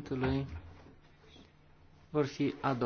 Parlamentului vor fi adoptate.